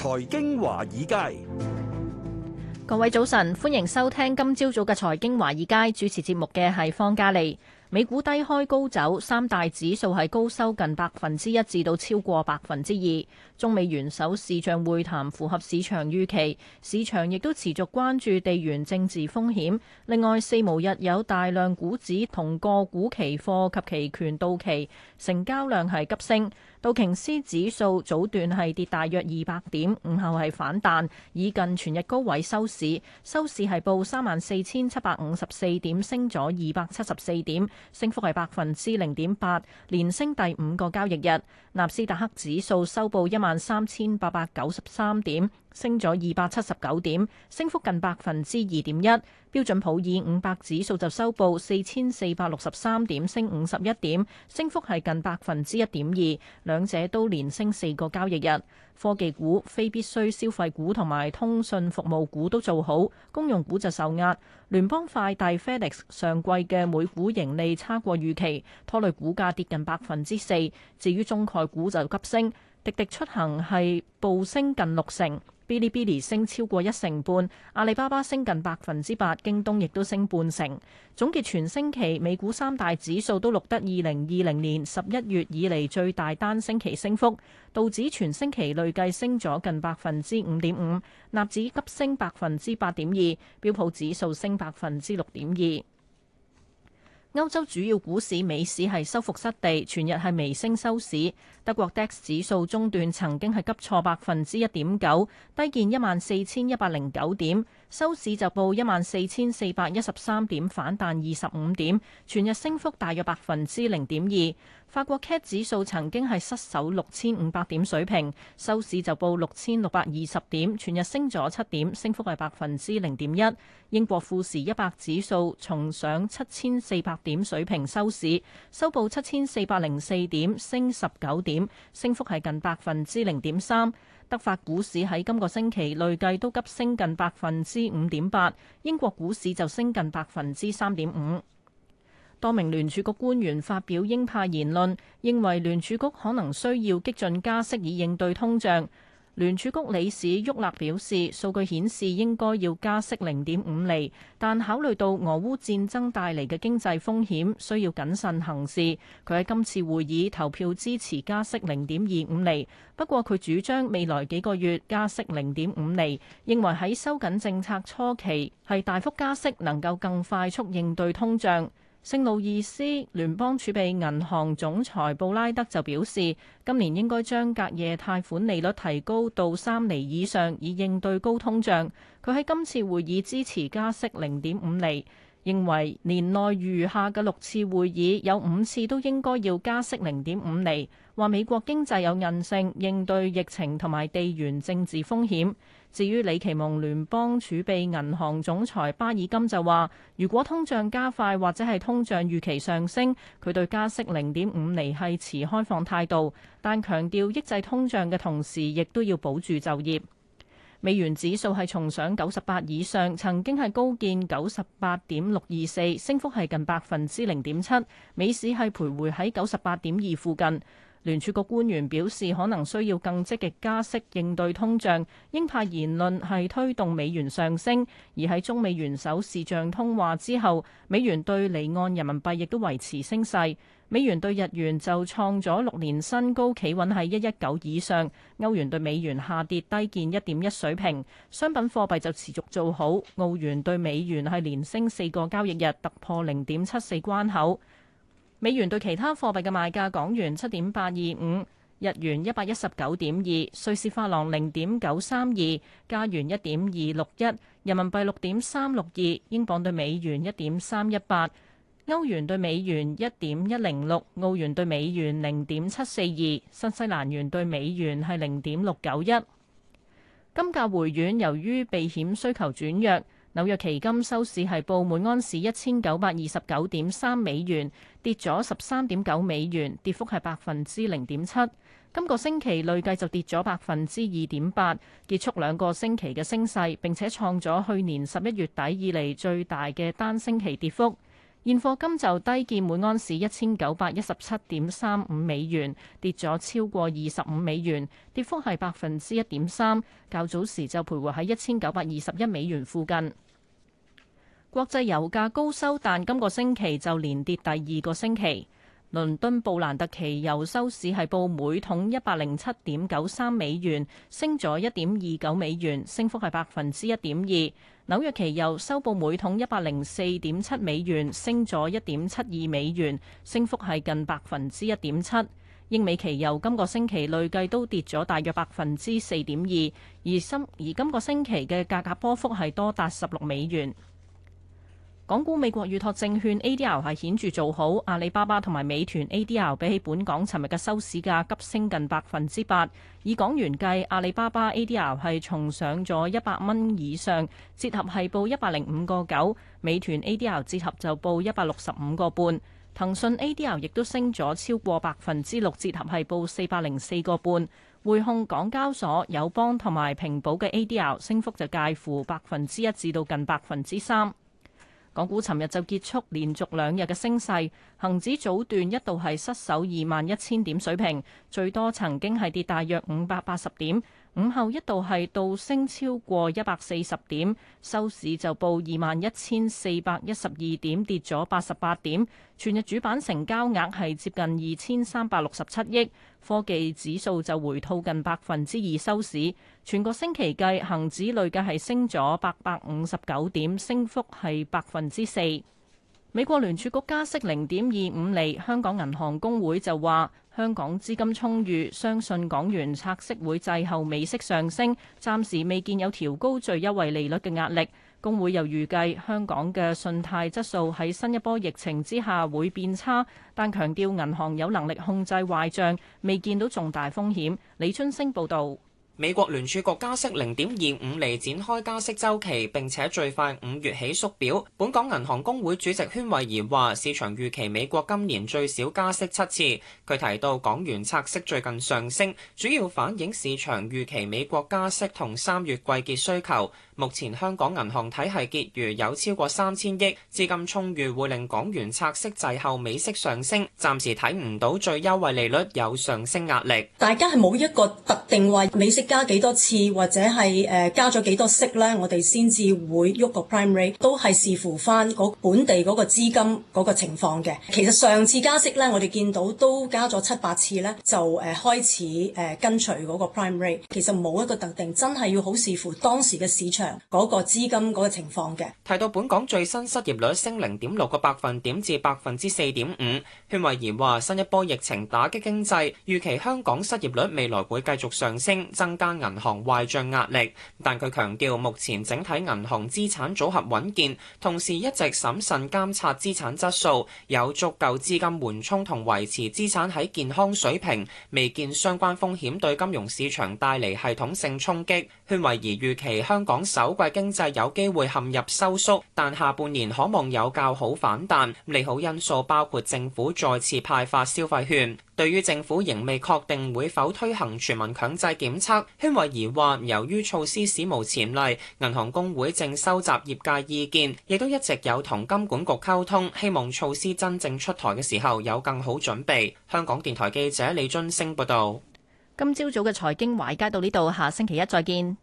財經華爾街，各位早晨，歡迎收聽今朝早嘅財經華爾街主持節目嘅係方嘉利，美股低開高走，三大指數係高收近百分之一至到超過百分之二。中美元首視像會談符合市場預期，市場亦都持續關注地緣政治風險。另外，四巫日有大量股指同個股期貨及期權到期，成交量係急升。道瓊斯指數早段係跌大約二百點，午後係反彈，以近全日高位收市，收市係報三萬四千七百五十四點，升咗二百七十四點，升幅係百分之零點八，連升第五個交易日。納斯達克指數收報一萬三千八百九十三點。升咗二百七十九點，升幅近百分之二點一。標準普爾五百指數就收報四千四百六十三點，升五十一點，升幅係近百分之一點二。兩者都連升四個交易日。科技股、非必需消費股同埋通訊服務股都做好，公用股就受壓。聯邦快遞 FedEx 上季嘅每股盈利差過預期，拖累股價跌近百分之四。至於中概股就急升，滴滴出行係暴升近六成。Bilibili 升超過一成半，阿里巴巴升近百分之八，京東亦都升半成。總結全星期美股三大指數都錄得二零二零年十一月以嚟最大單星期升幅，道指全星期累計升咗近百分之五點五，納指急升百分之八點二，標普指數升百分之六點二。歐洲主要股市，尾市係收復失地，全日係微升收市。德國 DAX 指數中段，曾經係急挫百分之一點九，低見一萬四千一百零九點。收市就報一萬四千四百一十三點，反彈二十五點，全日升幅大約百分之零點二。法國 CAC 指數曾經係失守六千五百點水平，收市就報六千六百二十點，全日升咗七點，升幅係百分之零點一。英國富時一百指數重上七千四百點水平收，收市收報七千四百零四點，升十九點，升幅係近百分之零點三。德法股市喺今個星期累計都急升近百分之五點八，英國股市就升近百分之三點五。多名聯儲局官員發表鷹派言論，認為聯儲局可能需要激進加息以應對通脹。聯儲局理事沃納表示，數據顯示應該要加息零點五厘，但考慮到俄烏戰爭帶嚟嘅經濟風險，需要謹慎行事。佢喺今次會議投票支持加息零點二五厘，不過佢主張未來幾個月加息零點五厘，認為喺收緊政策初期係大幅加息能夠更快速應對通脹。聖路易斯聯邦儲備銀行總裁布拉德就表示，今年應該將隔夜貸款利率提高到三厘以上，以應對高通脹。佢喺今次會議支持加息零點五厘，認為年內餘下嘅六次會議有五次都應該要加息零點五厘。話美國經濟有韌性，應對疫情同埋地緣政治風險。至於李奇蒙聯邦儲備銀行總裁巴爾金就話，如果通脹加快或者係通脹預期上升，佢對加息零點五厘係持開放態度，但強調抑制通脹嘅同時，亦都要保住就業。美元指數係重上九十八以上，曾經係高見九十八點六二四，升幅係近百分之零點七。美市係徘徊喺九十八點二附近。聯儲局官員表示，可能需要更積極加息應對通脹。鷹派言論係推動美元上升，而喺中美元首視像通話之後，美元兌離岸人民幣亦都維持升勢。美元兌日元就創咗六年新高，企穩喺一一九以上。歐元兌美元下跌，低見一點一水平。商品貨幣就持續做好，澳元兌美元係連升四個交易日，突破零點七四關口。美元對其他貨幣嘅賣價：港元七點八二五，日元一百一十九點二，瑞士法郎零點九三二，加元一點二六一，人民幣六點三六二，英鎊對美元一點三一八，歐元對美元一點一零六，澳元對美元零點七四二，新西蘭元對美元係零點六九一。金價回軟，由於避險需求轉弱。紐約期金收市係報每盎士一千九百二十九點三美元，跌咗十三點九美元，跌幅係百分之零點七。今個星期累計就跌咗百分之二點八，結束兩個星期嘅升勢，並且創咗去年十一月底以嚟最大嘅單星期跌幅。現貨金就低見每安士一千九百一十七點三五美元，跌咗超過二十五美元，跌幅係百分之一點三。較早時就徘徊喺一千九百二十一美元附近。國際油價高收，但今個星期就連跌第二個星期。倫敦布蘭特期油收市係報每桶一百零七點九三美元，升咗一點二九美元，升幅係百分之一點二。紐約期油收報每桶一百零四點七美元，升咗一點七二美元，升幅係近百分之一點七。英美期油今個星期累計都跌咗大約百分之四點二，而今而今個星期嘅價格波幅係多達十六美元。港股美國預託證券 ADR 係顯著做好，阿里巴巴同埋美團 ADR 比起本港尋日嘅收市價急升近百分之八，以港元計，阿里巴巴 ADR 係重上咗一百蚊以上，折合係報一百零五個九；美團 ADR 折合就報一百六十五個半；騰訊 ADR 亦都升咗超過百分之六，折合係報四百零四個半。匯控、港交所、友邦同埋平保嘅 ADR 升幅就介乎百分之一至到近百分之三。港股尋日就結束連續兩日嘅升勢，恒指早段一度係失守二萬一千點水平，最多曾經係跌大約五百八十點。午後一度係到升超過一百四十點，收市就報二萬一千四百一十二點，跌咗八十八點。全日主板成交額係接近二千三百六十七億，科技指數就回吐近百分之二收市。全個星期計，恒指累計係升咗八百五十九點，升幅係百分之四。美國聯儲局加息零點二五厘。香港銀行公會就話：香港資金充裕，相信港元拆息會滯後美息上升，暫時未見有調高最優惠利率嘅壓力。公會又預計香港嘅信貸質素喺新一波疫情之下會變差，但強調銀行有能力控制壞賬，未見到重大風險。李春升報導。美國聯儲局加息零點二五厘，展開加息周期，並且最快五月起縮表。本港銀行公會主席禤惠儀話：市場預期美國今年最少加息七次。佢提到港元拆息最近上升，主要反映市場預期美國加息同三月季結需求。目前香港銀行體系結餘有超過三千億資金充裕，會令港元拆息滯後美息上升，暫時睇唔到最優惠利率有上升壓力。大家係冇一個特定話美息加幾多次或者係誒加咗幾多息咧，我哋先至會喐個 prime rate 都係視乎翻嗰本地嗰個資金嗰個情況嘅。其實上次加息咧，我哋見到都加咗七八次咧，就誒開始誒跟隨嗰個 prime rate。其實冇一個特定，真係要好視乎當時嘅市場。嗰個資金嗰個情況嘅，提到本港最新失業率升零點六個百分點至百分之四點五，禤惠怡話：新一波疫情打擊經濟，預期香港失業率未來會繼續上升，增加銀行壞帳壓力。但佢強調，目前整體銀行資產組合穩健，同時一直審慎監察資產質素，有足夠資金緩衝同維持資產喺健康水平，未見相關風險對金融市場帶嚟系統性衝擊。禤惠怡預期香港首季經濟有機會陷入收縮，但下半年可望有較好反彈。利好因素包括政府再次派發消費券。對於政府仍未確定會否推行全民強制檢測，禤惠儀話：由於措施史無前例，銀行公會正收集業界意見，亦都一直有同金管局溝通，希望措施真正出台嘅時候有更好準備。香港電台記者李津升報導。今朝早嘅財經華爾街到呢度，下星期一再見。